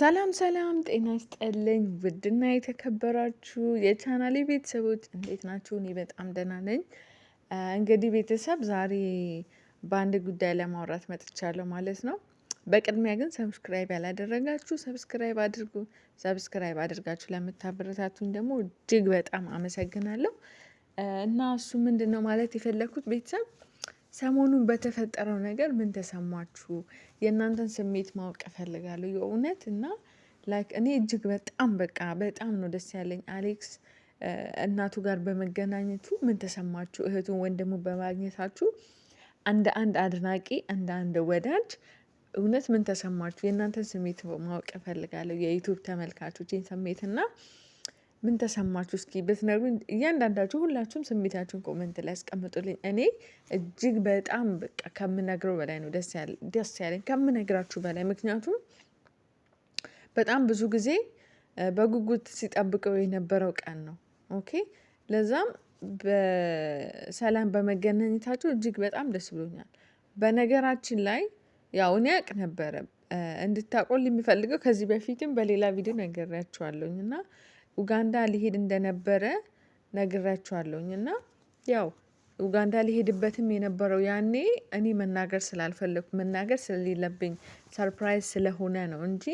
ሰላም ሰላም፣ ጤና ይስጠልኝ። ውድና የተከበራችሁ የቻናሌ ቤተሰቦች እንዴት ናችሁ? እኔ በጣም ደህና ነኝ። እንግዲህ ቤተሰብ ዛሬ በአንድ ጉዳይ ለማውራት መጥቻለሁ ማለት ነው። በቅድሚያ ግን ሰብስክራይብ ያላደረጋችሁ ሰብስክራይብ አድርጉ። ሰብስክራይብ አድርጋችሁ ለምታበረታቱኝ ደግሞ እጅግ በጣም አመሰግናለሁ። እና እሱ ምንድን ነው ማለት የፈለግኩት ቤተሰብ ሰሞኑን በተፈጠረው ነገር ምን ተሰማችሁ? የእናንተን ስሜት ማወቅ እፈልጋለሁ የእውነት እና ላይክ እኔ እጅግ በጣም በቃ በጣም ነው ደስ ያለኝ አሌክስ እናቱ ጋር በመገናኘቱ ምን ተሰማችሁ? እህቱን ወንድሙ በማግኘታችሁ እንደ አንድ አድናቂ እንደ አንድ ወዳጅ እውነት ምን ተሰማችሁ? የእናንተን ስሜት ማወቅ እፈልጋለሁ የዩቱብ ተመልካቾችን ስሜትና ምን ተሰማችሁ? እስኪ ብትነግሩ እያንዳንዳችሁ ሁላችሁም ስሜታችሁን ኮመንት ላይ ያስቀምጡልኝ። እኔ እጅግ በጣም በቃ ከምነግረው በላይ ነው ደስ ያለኝ ከምነግራችሁ በላይ ምክንያቱም በጣም ብዙ ጊዜ በጉጉት ሲጠብቀው የነበረው ቀን ነው። ኦኬ ለዛም በሰላም በመገናኘታችሁ እጅግ በጣም ደስ ብሎኛል። በነገራችን ላይ ያው እኔ አውቅ ነበረ እንድታቆል የሚፈልገው ከዚህ በፊትም በሌላ ቪዲዮ ነገራችኋለሁኝ እና ኡጋንዳ ሊሄድ እንደነበረ ነግራችኋለሁኝ እና ያው ኡጋንዳ ሊሄድበትም የነበረው ያኔ እኔ መናገር ስላልፈለኩ መናገር ስለሌለብኝ ሰርፕራይዝ ስለሆነ ነው እንጂ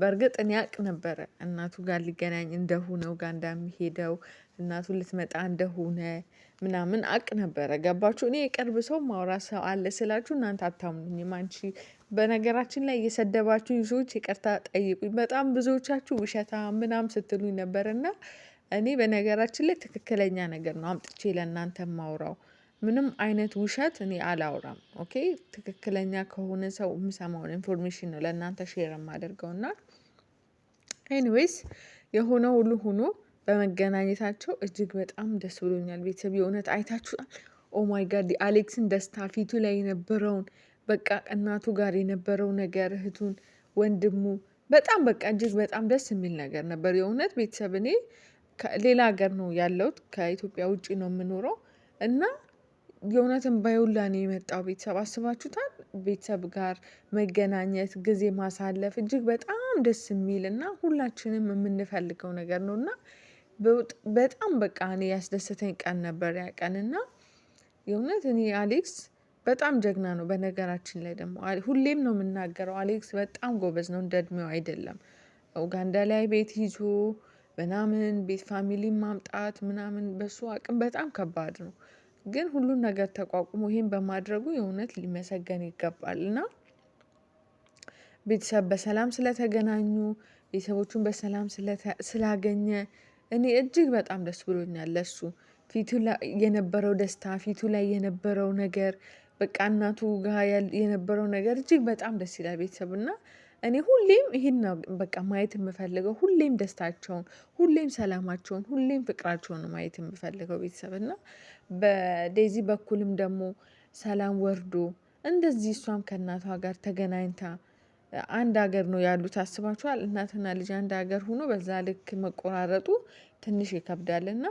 በእርግጥ እኔ አቅ ነበረ እናቱ ጋር ሊገናኝ እንደሆነ ኡጋንዳ የሚሄደው እናቱ ልትመጣ እንደሆነ ምናምን አቅ ነበረ። ገባችሁ? እኔ የቅርብ ሰው ማውራ ሰው አለ ስላችሁ እናንተ አታምኑኝም። አንቺ በነገራችን ላይ እየሰደባችሁ ብዙዎች ይቅርታ ጠይቁኝ። በጣም ብዙዎቻችሁ ውሸታ ምናም ስትሉኝ ነበር እና እኔ በነገራችን ላይ ትክክለኛ ነገር ነው አምጥቼ ለእናንተ ማውራው። ምንም አይነት ውሸት እኔ አላውራም። ኦኬ ትክክለኛ ከሆነ ሰው የምሰማውን ኢንፎርሜሽን ነው ለእናንተ ሼር የማደርገው እና ኤኒዌይስ የሆነ ሁሉ ሁኖ። በመገናኘታቸው እጅግ በጣም ደስ ብሎኛል። ቤተሰብ የእውነት አይታችሁታል ኦ ማይ ጋድ አሌክስን ደስታ ፊቱ ላይ የነበረውን በቃ እናቱ ጋር የነበረው ነገር እህቱን ወንድሙ በጣም በቃ እጅግ በጣም ደስ የሚል ነገር ነበር። የእውነት ቤተሰብ እኔ ሌላ ሀገር ነው ያለሁት ከኢትዮጵያ ውጭ ነው የምኖረው። እና የእውነትን እምባዬ ነው የመጣው ቤተሰብ አስባችሁታል ቤተሰብ ጋር መገናኘት ጊዜ ማሳለፍ እጅግ በጣም ደስ የሚል እና ሁላችንም የምንፈልገው ነገር ነው። እና በጣም በቃ እኔ ያስደሰተኝ ቀን ነበር ያ ቀን እና የእውነት እኔ አሌክስ በጣም ጀግና ነው። በነገራችን ላይ ደግሞ ሁሌም ነው የምናገረው አሌክስ በጣም ጎበዝ ነው። እንደ እድሜው አይደለም። ኡጋንዳ ላይ ቤት ይዞ ምናምን ቤት ፋሚሊ ማምጣት ምናምን በሱ አቅም በጣም ከባድ ነው። ግን ሁሉን ነገር ተቋቁሞ ይሄን በማድረጉ የእውነት ሊመሰገን ይገባል። እና ቤተሰብ በሰላም ስለተገናኙ ቤተሰቦቹን በሰላም ስላገኘ እኔ እጅግ በጣም ደስ ብሎኛል። ለሱ ፊቱ ላይ የነበረው ደስታ ፊቱ ላይ የነበረው ነገር በቃ እናቱ ጋር የነበረው ነገር እጅግ በጣም ደስ ይላል። ቤተሰብ እና እኔ ሁሌም ይህን ነው በቃ ማየት የምፈልገው። ሁሌም ደስታቸውን፣ ሁሌም ሰላማቸውን፣ ሁሌም ፍቅራቸውን ነው ማየት የምፈልገው ቤተሰብ እና በዴዚ በኩልም ደግሞ ሰላም ወርዶ እንደዚህ እሷም ከእናቷ ጋር ተገናኝታ አንድ ሀገር ነው ያሉት አስባችኋል። እናትና ልጅ አንድ ሀገር ሆኖ በዛ ልክ መቆራረጡ ትንሽ ይከብዳልና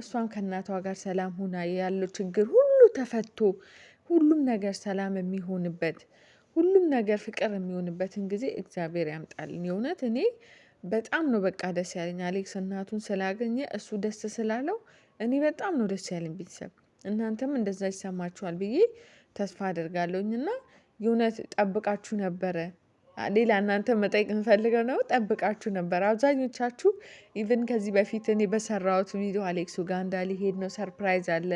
እሷም ከእናቷ ጋር ሰላም ሁና ያለው ችግር ሁሉ ተፈቶ ሁሉም ነገር ሰላም የሚሆንበት ሁሉም ነገር ፍቅር የሚሆንበትን ጊዜ እግዚአብሔር ያምጣልን። የእውነት እኔ በጣም ነው በቃ ደስ ያለኝ አሌክስ እናቱን ስላገኘ እሱ ደስ ስላለው እኔ በጣም ነው ደስ ያለኝ። ቤተሰብ እናንተም እንደዛ ይሰማችኋል ብዬ ተስፋ አደርጋለሁኝ እና የእውነት ጠብቃችሁ ነበረ ሌላ እናንተ መጠየቅ የምፈልገው ነው። ጠብቃችሁ ነበር አብዛኞቻችሁ። ኢቨን ከዚህ በፊት እኔ በሰራሁት ቪዲዮ አሌክስ ኡጋንዳ ሊሄድ ነው ሰርፕራይዝ አለ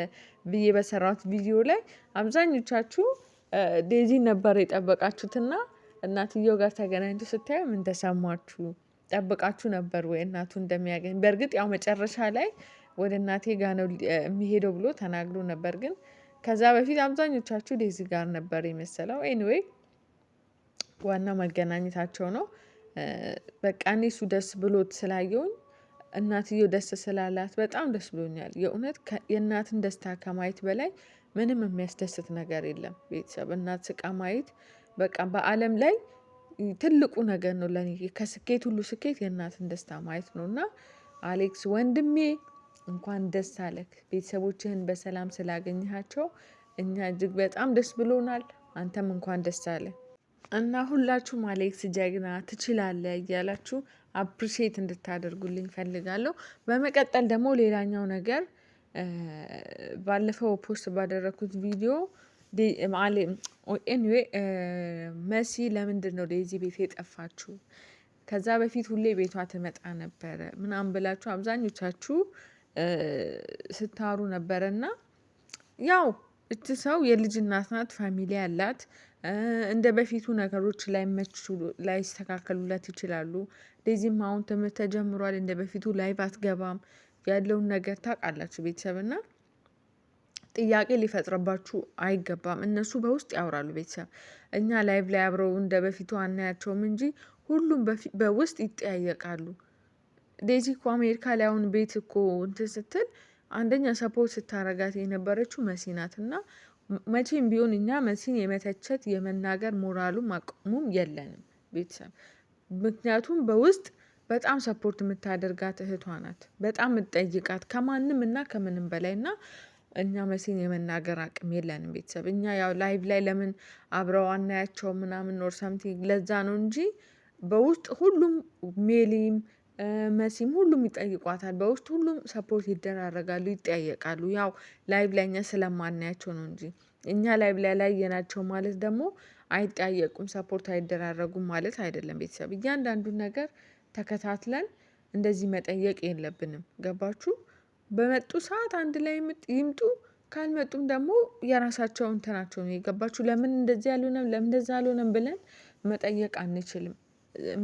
ብዬ በሰራሁት ቪዲዮ ላይ አብዛኞቻችሁ ዴዚ ነበር የጠበቃችሁትና እናትየው ጋር ተገናኝቶ ስታዩ ምን ተሰማችሁ? ጠብቃችሁ ነበር ወይ እናቱ እንደሚያገኝ? በእርግጥ ያው መጨረሻ ላይ ወደ እናቴ ጋ ነው የሚሄደው ብሎ ተናግሮ ነበር። ግን ከዛ በፊት አብዛኞቻችሁ ዴዚ ጋር ነበር የመሰለው ኤኒዌይ ዋና መገናኘታቸው ነው። በቃ እኔ እሱ ደስ ብሎት ስላየውኝ እናትየው ደስ ስላላት በጣም ደስ ብሎኛል። የእውነት የእናትን ደስታ ከማየት በላይ ምንም የሚያስደስት ነገር የለም። ቤተሰብ እናት ስቃ ማየት በቃ በአለም ላይ ትልቁ ነገር ነው። ለኔ ከስኬት ሁሉ ስኬት የእናትን ደስታ ማየት ነው። እና አሌክስ ወንድሜ እንኳን ደስ አለክ። ቤተሰቦችህን በሰላም ስላገኘሃቸው እኛ እጅግ በጣም ደስ ብሎናል። አንተም እንኳን ደስ አለ። እና ሁላችሁም አሌክስ ጀግና ትችላለ እያላችሁ አፕሪሼት እንድታደርጉልኝ ፈልጋለሁ። በመቀጠል ደግሞ ሌላኛው ነገር ባለፈው ፖስት ባደረግኩት ቪዲዮ ኤኒዌይ መሲ ለምንድን ነው ዴዚ ቤት የጠፋችሁ? ከዛ በፊት ሁሌ ቤቷ ትመጣ ነበረ ምናምን ብላችሁ አብዛኞቻችሁ ስታሩ ነበረ እና ያው እቺ ሰው የልጅ እናት ናት፣ ፋሚሊ ያላት እንደ በፊቱ ነገሮች ላይመቹ ላይስተካከሉላት ይችላሉ። ዴዚም አሁን ትምህርት ተጀምሯል፣ እንደ በፊቱ ላይቭ አትገባም። ያለውን ነገር ታውቃላችሁ ቤተሰብ እና ጥያቄ ሊፈጥረባችሁ አይገባም። እነሱ በውስጥ ያወራሉ ቤተሰብ። እኛ ላይቭ ላይ አብረው እንደ በፊቱ አናያቸውም እንጂ ሁሉም በውስጥ ይጠያየቃሉ። ዴዚ እኮ አሜሪካ ላይ አሁን ቤት እኮ እንትን ስትል አንደኛ ሰፖርት ስታረጋት የነበረችው መሲ ናት እና መቼም ቢሆን እኛ መሲን የመተቸት የመናገር ሞራሉም አቅሙም የለንም ቤተሰብ ምክንያቱም በውስጥ በጣም ሰፖርት የምታደርጋት እህቷ ናት። በጣም የምትጠይቃት ከማንም እና ከምንም በላይ እና እኛ መሲን የመናገር አቅም የለንም ቤተሰብ። እኛ ያው ላይቭ ላይ ለምን አብረው አናያቸው ምናምን ኖር ሳምቲንግ ለዛ ነው እንጂ በውስጥ ሁሉም ሜሊም መሲም ሁሉም ይጠይቋታል። በውስጥ ሁሉም ሰፖርት ይደራረጋሉ፣ ይጠያየቃሉ። ያው ላይቭ ላይ እኛ ስለማናያቸው ነው እንጂ እኛ ላይቭ ላይ የናቸው ማለት ደግሞ አይጠያየቁም፣ ሰፖርት አይደራረጉም ማለት አይደለም። ቤተሰብ እያንዳንዱን ነገር ተከታትለን እንደዚህ መጠየቅ የለብንም። ገባችሁ? በመጡ ሰዓት አንድ ላይ ይምጡ፣ ካልመጡም ደግሞ የራሳቸው እንትናቸው ነው። የገባችሁ? ለምን እንደዚህ አልሆነም፣ ለምን እንደዚህ አልሆነም ብለን መጠየቅ አንችልም።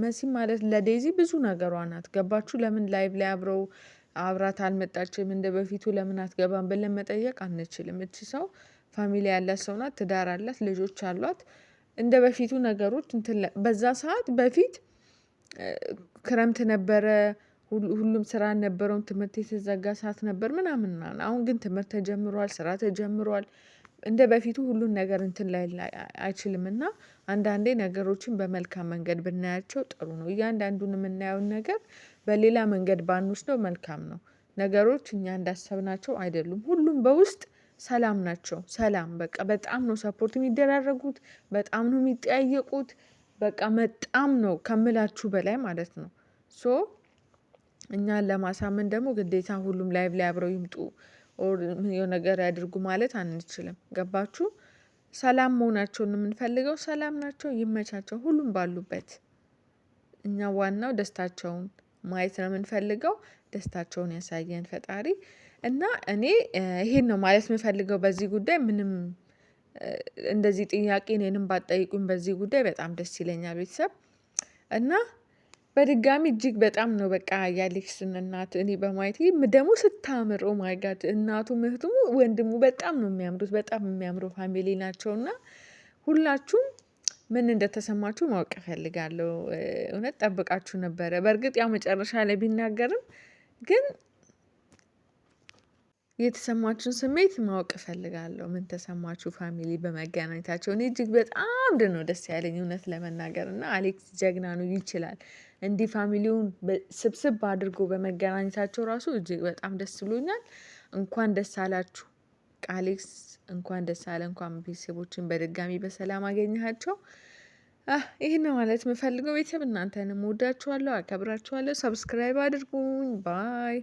መሲ ማለት ለዴዚ ብዙ ነገሯ ናት። ገባችሁ? ለምን ላይቭ ላይ አብረው አብራት አልመጣችም፣ እንደ በፊቱ ለምን አትገባም ብለን መጠየቅ አንችልም። እቺ ሰው ፋሚሊ ያላት ሰው ናት፣ ትዳር አላት፣ ልጆች አሏት። እንደ በፊቱ ነገሮች በዛ ሰዓት በፊት ክረምት ነበረ፣ ሁሉም ስራ ነበረውን ትምህርት የተዘጋ ሰዓት ነበር ምናምን። አሁን ግን ትምህርት ተጀምሯል፣ ስራ ተጀምሯል። እንደ በፊቱ ሁሉን ነገር እንትን ላይ አይችልም እና አንዳንዴ ነገሮችን በመልካም መንገድ ብናያቸው ጥሩ ነው። እያንዳንዱን የምናየውን ነገር በሌላ መንገድ ባንወስደው መልካም ነው። ነገሮች እኛ እንዳሰብናቸው አይደሉም ሁሉም በውስጥ ሰላም ናቸው ሰላም በቃ በጣም ነው ሰፖርት የሚደራረጉት በጣም ነው የሚጠያየቁት በቃ በጣም ነው ከምላችሁ በላይ ማለት ነው። ሶ እኛን ለማሳመን ደግሞ ግዴታ ሁሉም ላይቭ ላይ አብረው ይምጡ ኦር የሆነ ነገር ያድርጉ ማለት አንችልም። ገባችሁ? ሰላም መሆናቸውን የምንፈልገው ሰላም ናቸው ይመቻቸው ሁሉም ባሉበት። እኛ ዋናው ደስታቸውን ማየት ነው የምንፈልገው ደስታቸውን ያሳየን ፈጣሪ። እና እኔ ይሄን ነው ማለት የምፈልገው በዚህ ጉዳይ ምንም እንደዚህ ጥያቄ እኔንም ባጠይቁኝ በዚህ ጉዳይ በጣም ደስ ይለኛል ቤተሰብ እና በድጋሚ እጅግ በጣም ነው በቃ ያሌክስን እናት እኔ በማየት ደግሞ ስታምር ኦማይጋድ እናቱ ምህቱ ወንድሙ በጣም ነው የሚያምሩት። በጣም የሚያምሩ ፋሚሊ ናቸው እና ሁላችሁም ምን እንደተሰማችሁ ማወቅ እፈልጋለሁ። እውነት ጠብቃችሁ ነበረ። በእርግጥ ያው መጨረሻ ላይ ቢናገርም ግን የተሰማችሁን ስሜት ማወቅ እፈልጋለሁ። ምን ተሰማችሁ ፋሚሊ በመገናኘታቸው? እኔ እጅግ በጣም ድነው ደስ ያለኝ እውነት ለመናገር እና አሌክስ ጀግና ነው፣ ይችላል እንዲህ ፋሚሊውን ስብስብ አድርጎ በመገናኘታቸው ራሱ እጅግ በጣም ደስ ብሎኛል። እንኳን ደስ አላችሁ አሌክስ እንኳን ደስ አለ እንኳን ቤተሰቦችን በድጋሚ በሰላም አገኘሃቸው። ይህን ማለት የምፈልገው ቤተሰብ እናንተንም ወዳችኋለሁ፣ አከብራችኋለሁ። ሰብስክራይብ አድርጉኝ ባይ